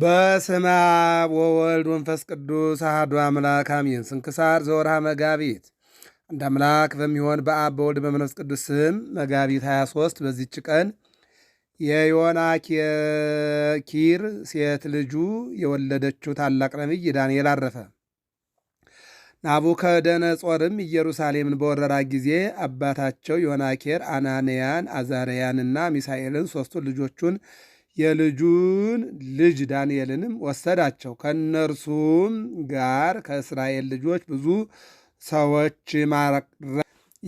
በስመ አብ ወወልድ ወንፈስ ቅዱስ አሐዱ አምላክ አሜን። ስንክሳር ዘወርሃ መጋቢት። አንድ አምላክ በሚሆን በአብ በወልድ በመንፈስ ቅዱስ ስም መጋቢት 23 በዚች ቀን የዮና ኪር ሴት ልጁ የወለደችው ታላቅ ነቢይ ዳንኤል አረፈ። ናቡከደነጾርም ኢየሩሳሌምን በወረራ ጊዜ አባታቸው ዮናኬር አናንያን፣ አዛርያንና ሚሳኤልን ሦስቱን ልጆቹን የልጁን ልጅ ዳንኤልንም ወሰዳቸው። ከእነርሱም ጋር ከእስራኤል ልጆች ብዙ ሰዎች ማረ።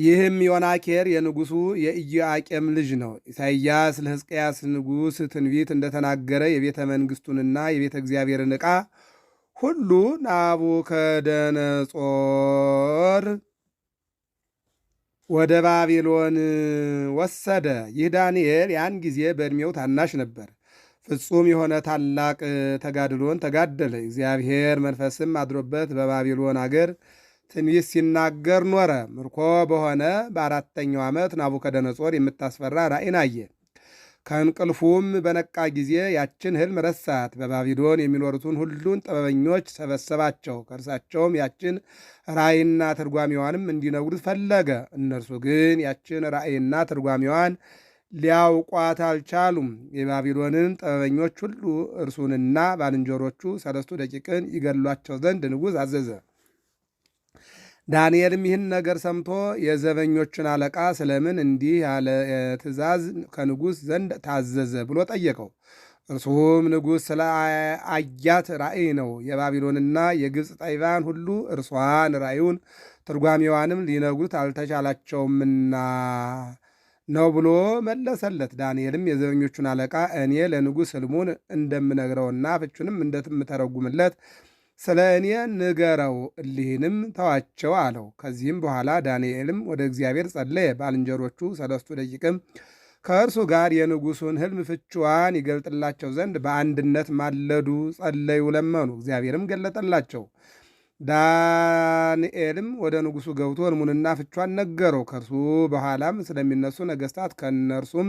ይህም ዮናኬር የንጉሱ የኢዮአቄም ልጅ ነው። ኢሳይያስ ለሕዝቅያስ ንጉሥ ትንቢት እንደተናገረ የቤተ መንግሥቱንና የቤተ እግዚአብሔርን ዕቃ ሁሉ ናቡከደነጾር ወደ ባቢሎን ወሰደ። ይህ ዳንኤል ያን ጊዜ በዕድሜው ታናሽ ነበር። ፍጹም የሆነ ታላቅ ተጋድሎን ተጋደለ። እግዚአብሔር መንፈስም አድሮበት በባቢሎን አገር ትንቢት ሲናገር ኖረ። ምርኮ በሆነ በአራተኛው ዓመት ናቡከደነጾር የምታስፈራ ራእይን አየ። ከእንቅልፉም በነቃ ጊዜ ያችን ህልም ረሳት። በባቢሎን የሚኖሩትን ሁሉን ጥበበኞች ሰበሰባቸው። ከእርሳቸውም ያችን ራእይና ትርጓሚዋንም እንዲነግሩት ፈለገ። እነርሱ ግን ያችን ራእይና ትርጓሚዋን ሊያውቋት አልቻሉም። የባቢሎንን ጥበበኞች ሁሉ እርሱንና ባልንጀሮቹ ሰለስቱ ደቂቅን ይገድሏቸው ዘንድ ንጉሥ አዘዘ። ዳንኤልም ይህን ነገር ሰምቶ የዘበኞችን አለቃ ስለምን እንዲህ ያለ ትእዛዝ ከንጉሥ ዘንድ ታዘዘ ብሎ ጠየቀው። እርሱም ንጉሥ ስለ አያት ራእይ ነው። የባቢሎንና የግብፅ ጠቢባን ሁሉ እርሷን ራእዩን ትርጓሜዋንም ሊነግሩት አልተቻላቸውምና ነው ብሎ መለሰለት። ዳንኤልም የዘበኞቹን አለቃ እኔ ለንጉሥ ሕልሙን እንደምነግረውና ፍቹንም እንደምተረጉምለት ስለ እኔ ንገረው፣ እሊህንም ተዋቸው አለው። ከዚህም በኋላ ዳንኤልም ወደ እግዚአብሔር ጸለየ። ባልንጀሮቹ ሰለስቱ ደቂቅም ከእርሱ ጋር የንጉሡን ሕልም ፍችዋን ይገልጥላቸው ዘንድ በአንድነት ማለዱ፣ ጸለዩ፣ ለመኑ። እግዚአብሔርም ገለጠላቸው። ዳንኤልም ወደ ንጉሡ ገብቶ ሕልሙንና ፍቿን ነገረው። ከእርሱ በኋላም ስለሚነሱ ነገስታት ከእነርሱም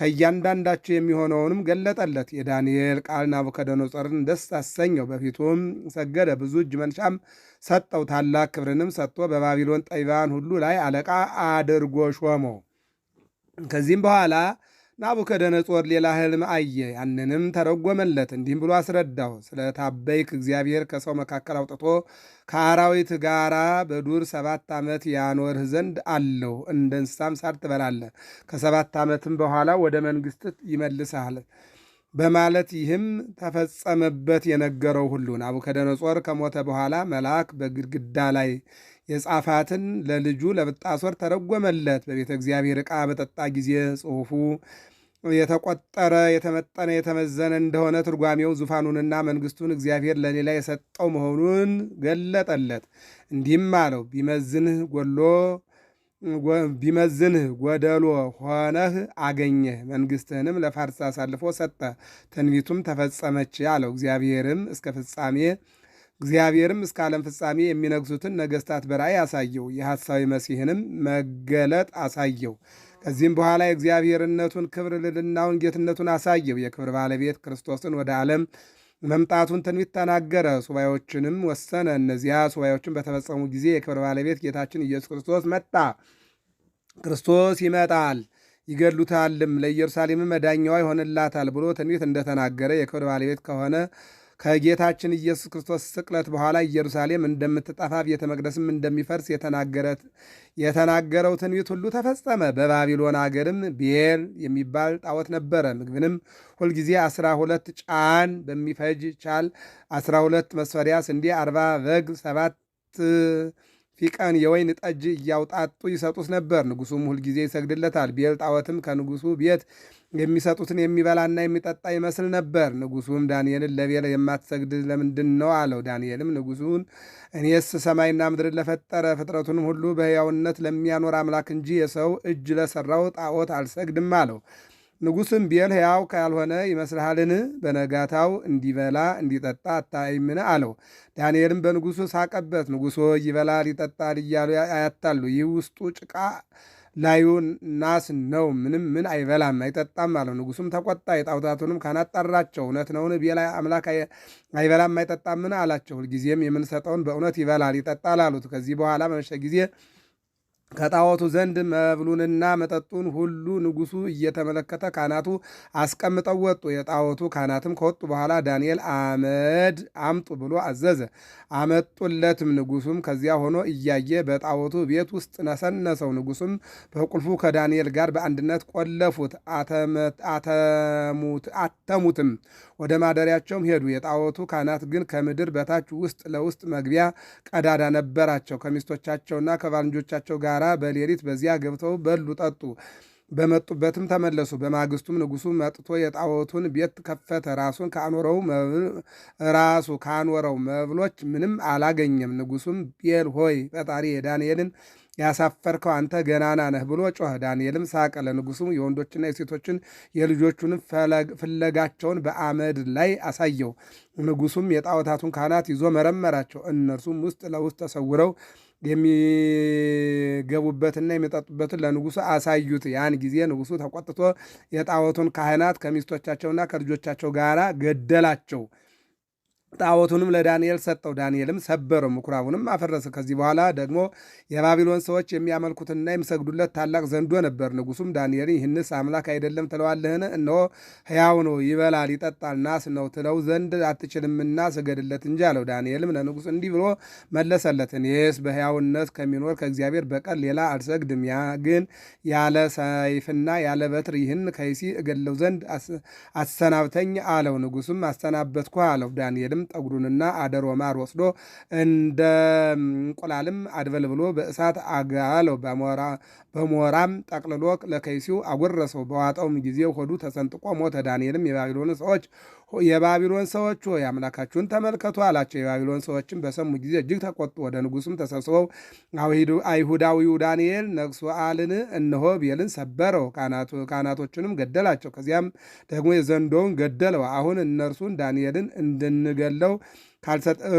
ከእያንዳንዳቸው የሚሆነውንም ገለጠለት። የዳንኤል ቃል ናቡከደነጾርን ደስ አሰኘው፣ በፊቱም ሰገደ። ብዙ እጅ መንሻም ሰጠው። ታላቅ ክብርንም ሰጥቶ በባቢሎን ጠቢባን ሁሉ ላይ አለቃ አድርጎ ሾመው። ከዚህም በኋላ ናቡከደነጾር ሌላ ህልም አየ። ያንንም ተረጎመለት እንዲህም ብሎ አስረዳው። ስለ ታበይክ እግዚአብሔር ከሰው መካከል አውጥቶ ከአራዊት ጋራ በዱር ሰባት ዓመት ያኖርህ ዘንድ አለው። እንደ እንስሳም ሳር ትበላለህ። ከሰባት ዓመትም በኋላ ወደ መንግሥት ይመልስሃል በማለት ይህም ተፈጸመበት የነገረው ሁሉ ናቡከደነጾር ከሞተ በኋላ መልአክ በግድግዳ ላይ የጻፋትን ለልጁ ለብጣሶር ተረጎመለት። በቤተ እግዚአብሔር ዕቃ በጠጣ ጊዜ ጽሑፉ የተቆጠረ የተመጠነ የተመዘነ እንደሆነ ትርጓሜው ዙፋኑንና መንግስቱን እግዚአብሔር ለሌላ የሰጠው መሆኑን ገለጠለት። እንዲህም አለው ቢመዝንህ ጎሎ ቢመዝንህ ጎደሎ ሆነህ አገኘህ፣ መንግስትህንም ለፋርስ አሳልፎ ሰጠ፣ ትንቢቱም ተፈጸመች አለው። እግዚአብሔርም እስከ ፍጻሜ እግዚአብሔርም እስከ ዓለም ፍጻሜ የሚነግሱትን ነገሥታት በራእይ አሳየው፣ የሐሳዊ መሲህንም መገለጥ አሳየው። ከዚህም በኋላ የእግዚአብሔርነቱን ክብር፣ ልዕልናውን፣ ጌትነቱን አሳየው። የክብር ባለቤት ክርስቶስን ወደ ዓለም መምጣቱን ትንቢት ተናገረ። ሱባዮችንም ወሰነ። እነዚያ ሱባዮችን በተፈጸሙ ጊዜ የክብር ባለቤት ጌታችን ኢየሱስ ክርስቶስ መጣ። ክርስቶስ ይመጣል ይገድሉታልም፣ ለኢየሩሳሌምም መዳኛዋ ይሆንላታል ብሎ ትንቢት እንደተናገረ የክብር ባለቤት ከሆነ ከጌታችን ኢየሱስ ክርስቶስ ስቅለት በኋላ ኢየሩሳሌም እንደምትጠፋ ቤተ መቅደስም እንደሚፈርስ የተናገረው ትንቢት ሁሉ ተፈጸመ። በባቢሎን አገርም ቤል የሚባል ጣዖት ነበረ። ምግብንም ሁልጊዜ አስራ ሁለት ጫን በሚፈጅ ቻል አስራ ሁለት መስፈሪያ ስንዴ፣ አርባ በግ፣ ሰባት ፊቀን የወይን ጠጅ እያውጣጡ ይሰጡት ነበር። ንጉሱም ሁልጊዜ ይሰግድለታል። ቤልጣዖትም ከንጉሱ ቤት የሚሰጡትን የሚበላና የሚጠጣ ይመስል ነበር። ንጉሱም ዳንኤልን ለቤል የማትሰግድ ለምንድን ነው አለው። ዳንኤልም ንጉሱን እኔስ ሰማይና ምድርን ለፈጠረ ፍጥረቱንም ሁሉ በሕያውነት ለሚያኖር አምላክ እንጂ የሰው እጅ ለሠራው ጣዖት አልሰግድም አለው። ንጉሥም ቤል ሕያው ካልሆነ ይመስልሃልን? በነጋታው እንዲበላ እንዲጠጣ አታይምን? አለው። ዳንኤልም በንጉሡ ሳቀበት። ንጉሡ ይበላል ይጠጣል እያሉ አያታሉ። ይህ ውስጡ ጭቃ ላዩ ናስ ነው፣ ምንም ምን አይበላም አይጠጣም አለው። ንጉሱም ተቆጣ። የጣውታቱንም ካህናት ጠራቸው። እውነት ነውን? ቤል አምላክ አይበላም አይጠጣምን? አላቸው። ሁልጊዜም የምንሰጠውን በእውነት ይበላል ይጠጣል አሉት። ከዚህ በኋላ በመሸ ጊዜ ከጣዖቱ ዘንድ መብሉንና መጠጡን ሁሉ ንጉሱ እየተመለከተ ካህናቱ አስቀምጠው ወጡ። የጣዖቱ ካህናትም ከወጡ በኋላ ዳንኤል አመድ አምጡ ብሎ አዘዘ። አመጡለትም። ንጉሱም ከዚያ ሆኖ እያየ በጣዖቱ ቤት ውስጥ ነሰነሰው። ንጉሱም በቁልፉ ከዳንኤል ጋር በአንድነት ቆለፉት፣ አተሙትም። ወደ ማደሪያቸውም ሄዱ። የጣዖቱ ካህናት ግን ከምድር በታች ውስጥ ለውስጥ መግቢያ ቀዳዳ ነበራቸው። ከሚስቶቻቸውና ከባልንጆቻቸው ጋራ በሌሊት በዚያ ገብተው በሉ፣ ጠጡ። በመጡበትም ተመለሱ። በማግስቱም ንጉሱ መጥቶ የጣዖቱን ቤት ከፈተ። ራሱን ካኖረው ራሱ ካኖረው መብሎች ምንም አላገኘም። ንጉሱም ቤል ሆይ ፈጣሪ የዳንኤልን ያሳፈርከው አንተ ገናና ነህ ብሎ ጮኸ። ዳንኤልም ሳቀ። ለንጉሱም የወንዶችና የሴቶችን የልጆቹንም ፍለጋቸውን በአመድ ላይ አሳየው። ንጉሱም የጣዖታቱን ካህናት ይዞ መረመራቸው። እነርሱም ውስጥ ለውስጥ ተሰውረው የሚገቡበትና የሚጠጡበትን ለንጉሱ አሳዩት። ያን ጊዜ ንጉሱ ተቆጥቶ የጣዖቱን ካህናት ከሚስቶቻቸውና ከልጆቻቸው ጋር ገደላቸው። ጣዖቱንም ለዳንኤል ሰጠው። ዳንኤልም ሰበረው፣ ምኩራቡንም አፈረሰ። ከዚህ በኋላ ደግሞ የባቢሎን ሰዎች የሚያመልኩትና የሚሰግዱለት ታላቅ ዘንዶ ነበር። ንጉሱም ዳንኤል ይህንስ አምላክ አይደለም ትለዋለህን? እነሆ ሕያው ነው፣ ይበላል፣ ይጠጣል፣ ናስ ነው ትለው ዘንድ አትችልምና ስገድለት እንጂ አለው። ዳንኤልም ለንጉስ እንዲህ ብሎ መለሰለት፣ እኔስ በሕያውነት ከሚኖር ከእግዚአብሔር በቀር ሌላ አልሰግድም። ያ ግን ያለ ሰይፍና ያለ በትር ይህን ከይሲ እገለው ዘንድ አሰናብተኝ አለው። ንጉሱም አሰናበትኩ አለው። ዳንኤልም እንቁላልም ጠጉሩንና አደሮ ማር ወስዶ እንደ እንቁላልም አድበልብሎ በእሳት አጋለው፣ በሞራም ጠቅልሎ ለከይሲው አጎረሰው። በዋጠውም ጊዜ ሆዱ ተሰንጥቆ ሞተ። ዳንኤልም የባቢሎን ሰዎች የባቢሎን ሰዎች ሆይ አምላካችሁን ተመልከቱ አላቸው። የባቢሎን ሰዎችም በሰሙ ጊዜ እጅግ ተቆጡ። ወደ ንጉሱም ተሰብስበው አይሁዳዊው ዳንኤል አልን እነሆ ቤልን ሰበረው፣ ካህናቶችንም ገደላቸው። ከዚያም ደግሞ የዘንዶውን ገደለው። አሁን እነርሱን ዳንኤልን እንድንገለው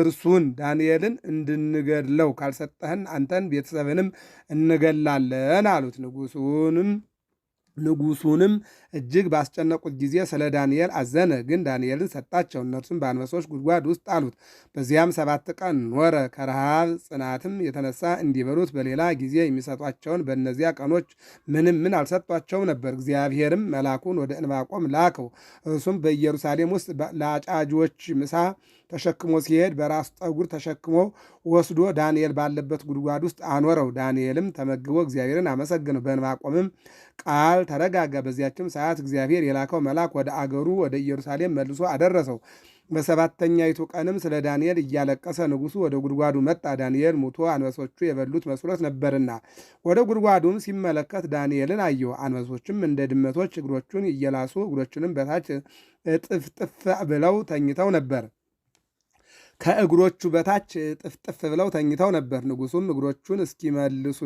እርሱን ዳንኤልን እንድንገድለው ካልሰጠህን አንተን ቤተሰብንም እንገላለን አሉት። ንጉሱንም ንጉሱንም እጅግ ባስጨነቁት ጊዜ ስለ ዳንኤል አዘነ፣ ግን ዳንኤልን ሰጣቸው፣ እነርሱም በአንበሶች ጉድጓድ ውስጥ አሉት በዚያም ሰባት ቀን ኖረ። ከረሃብ ጽናትም የተነሳ እንዲበሉት በሌላ ጊዜ የሚሰጧቸውን በእነዚያ ቀኖች ምንም ምን አልሰጧቸው ነበር። እግዚአብሔርም መላኩን ወደ እንባቆም ላከው። እርሱም በኢየሩሳሌም ውስጥ ለአጫጆች ምሳ ተሸክሞ ሲሄድ በራስ ጠጉር ተሸክሞ ወስዶ ዳንኤል ባለበት ጉድጓድ ውስጥ አኖረው። ዳንኤልም ተመግቦ እግዚአብሔርን አመሰግነው። በዕንባቆምም ቃል ተረጋጋ። በዚያችም ሰዓት እግዚአብሔር የላከው መልአክ ወደ አገሩ ወደ ኢየሩሳሌም መልሶ አደረሰው። በሰባተኛይቱ ቀንም ስለ ዳንኤል እያለቀሰ ንጉሱ ወደ ጉድጓዱ መጣ። ዳንኤል ሙቶ አንበሶቹ የበሉት መስሎት ነበርና፣ ወደ ጉድጓዱም ሲመለከት ዳንኤልን አየው። አንበሶችም እንደ ድመቶች እግሮቹን እየላሱ እግሮቹንም በታች እጥፍጥፍ ብለው ተኝተው ነበር። ከእግሮቹ በታች ጥፍጥፍ ብለው ተኝተው ነበር። ንጉሱም እግሮቹን እስኪመልሱ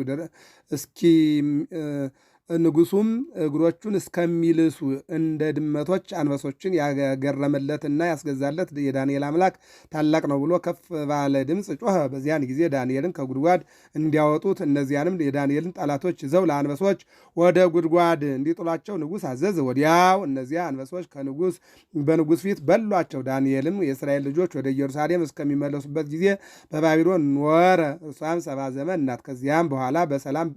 ንጉሱም እግሮቹን እስከሚልሱ እንደ ድመቶች አንበሶችን ያገረመለትና ያስገዛለት የዳንኤል አምላክ ታላቅ ነው ብሎ ከፍ ባለ ድምፅ ጮኸ። በዚያን ጊዜ ዳንኤልን ከጉድጓድ እንዲያወጡት እነዚያንም የዳንኤልን ጠላቶች ይዘው ለአንበሶች ወደ ጉድጓድ እንዲጥሏቸው ንጉስ አዘዘ። ወዲያው እነዚያ አንበሶች ከንጉስ በንጉስ ፊት በሏቸው። ዳንኤልም የእስራኤል ልጆች ወደ ኢየሩሳሌም እስከሚመለሱበት ጊዜ በባቢሎን ኖረ። እርሷም ሰባ ዘመን ናት። ከዚያም በኋላ በሰላም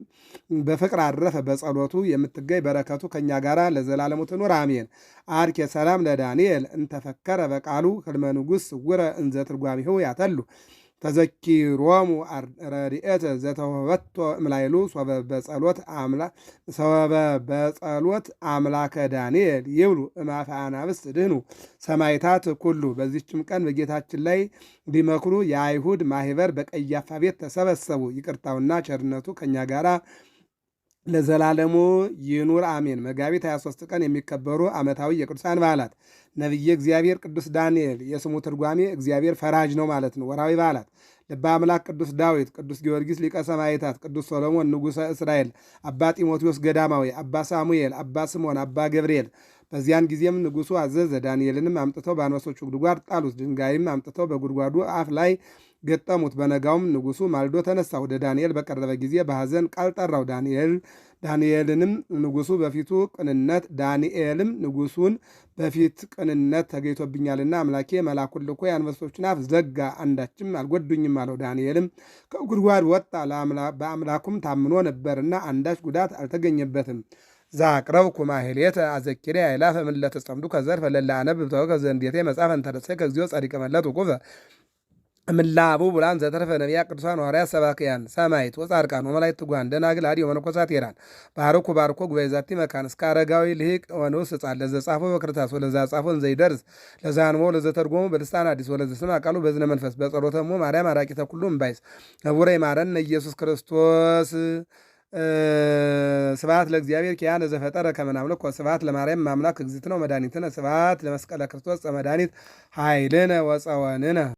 በፍቅር አረፈ። ጸሎቱ የምትገኝ በረከቱ ከእኛ ጋር ለዘላለሙ ትኑር አሜን። አርኬ ሰላም ለዳንኤል እንተፈከረ በቃሉ ህልመ ንጉሥ ስውረ እንዘ ትርጓሚሁ ያተሉ ሮሙ ረድኤት ዘተወበቶ እምላይሉ ሰበበ በጸሎት አምላከ ዳንኤል ይብሉ እማፈ አናብስት ድህኑ ሰማይታት ኩሉ። በዚችም ቀን በጌታችን ላይ ሊመክሩ የአይሁድ ማህበር በቀያፋ ቤት ተሰበሰቡ። ይቅርታውና ቸርነቱ ከእኛ ጋራ ለዘላለሙ ይኑር አሜን። መጋቢት 23 ቀን የሚከበሩ ዓመታዊ የቅዱሳን በዓላት ነቢየ እግዚአብሔር ቅዱስ ዳንኤል፣ የስሙ ትርጓሜ እግዚአብሔር ፈራጅ ነው ማለት ነው። ወርሃዊ በዓላት ልበ አምላክ ቅዱስ ዳዊት፣ ቅዱስ ጊዮርጊስ ሊቀ ሰማዕታት፣ ቅዱስ ሶሎሞን ንጉሠ እስራኤል፣ አባ ጢሞቴዎስ ገዳማዊ፣ አባ ሳሙኤል፣ አባ ስምዖን፣ አባ ገብርኤል በዚያን ጊዜም ንጉሱ አዘዘ። ዳንኤልንም አምጥተው በአንበሶቹ ጉድጓድ ጣሉት። ድንጋይም አምጥተው በጉድጓዱ አፍ ላይ ገጠሙት። በነጋውም ንጉሱ ማልዶ ተነሳ። ወደ ዳንኤል በቀረበ ጊዜ በሐዘን ቃል ጠራው። ዳንኤል ዳንኤልንም ንጉሱ በፊቱ ቅንነት ዳንኤልም ንጉሱን በፊት ቅንነት ተገይቶብኛልና አምላኬ መላኩን ልኮ የአንበሶችን አፍ ዘጋ፣ አንዳችም አልጎዱኝም አለው። ዳንኤልም ከጉድጓድ ወጣ፣ በአምላኩም ታምኖ ነበርና አንዳች ጉዳት አልተገኘበትም። ዛቅረብኩ ማህሌት አዘኪሬ አይላፈ ምን ለተጸምዱ ከዘር ፈለላ አነብ ብተወ ከዘንዴቴ መጽሐፈ እንተረሰ ከግዚኦ ጸዲቀ መለት ውቁፈ ምላቡ ብላን ዘተረፈ ነቢያ ቅዱሳን ሐዋርያ ሰባክያን ሰማይት ወጻድቃን ወመላይት ትጓን ደናግል አዲ ወመነኮሳት ሄራን ባርኩ ባርኮ ጉባኤ ዛቲ መካን እስከ አረጋዊ ልሂቅ ወንዑስ ሕፃን ለዘ ጻፎ በክርታስ ወለዛ ጻፎ እንዘይደርስ ለዛንሞ ለዘ ተርጎሙ በልሳን አዲስ ወለዘ ስማ ቃሉ በዝነ መንፈስ በጸሎተሞ ማርያም አራቂተ ኩሉ እምባይስ ነቡረ ይማረን ኢየሱስ ክርስቶስ ስብሐት ለእግዚአብሔር ኪያነ ዘፈጠረ ከመ ናምልኮ ስብሐት ለማርያም ማምላክ እግዝእትነ ወመድኃኒትነ ስብሐት ለመስቀለ ክርስቶስ ዘመድኃኒት ኃይልነ ወፀወንነ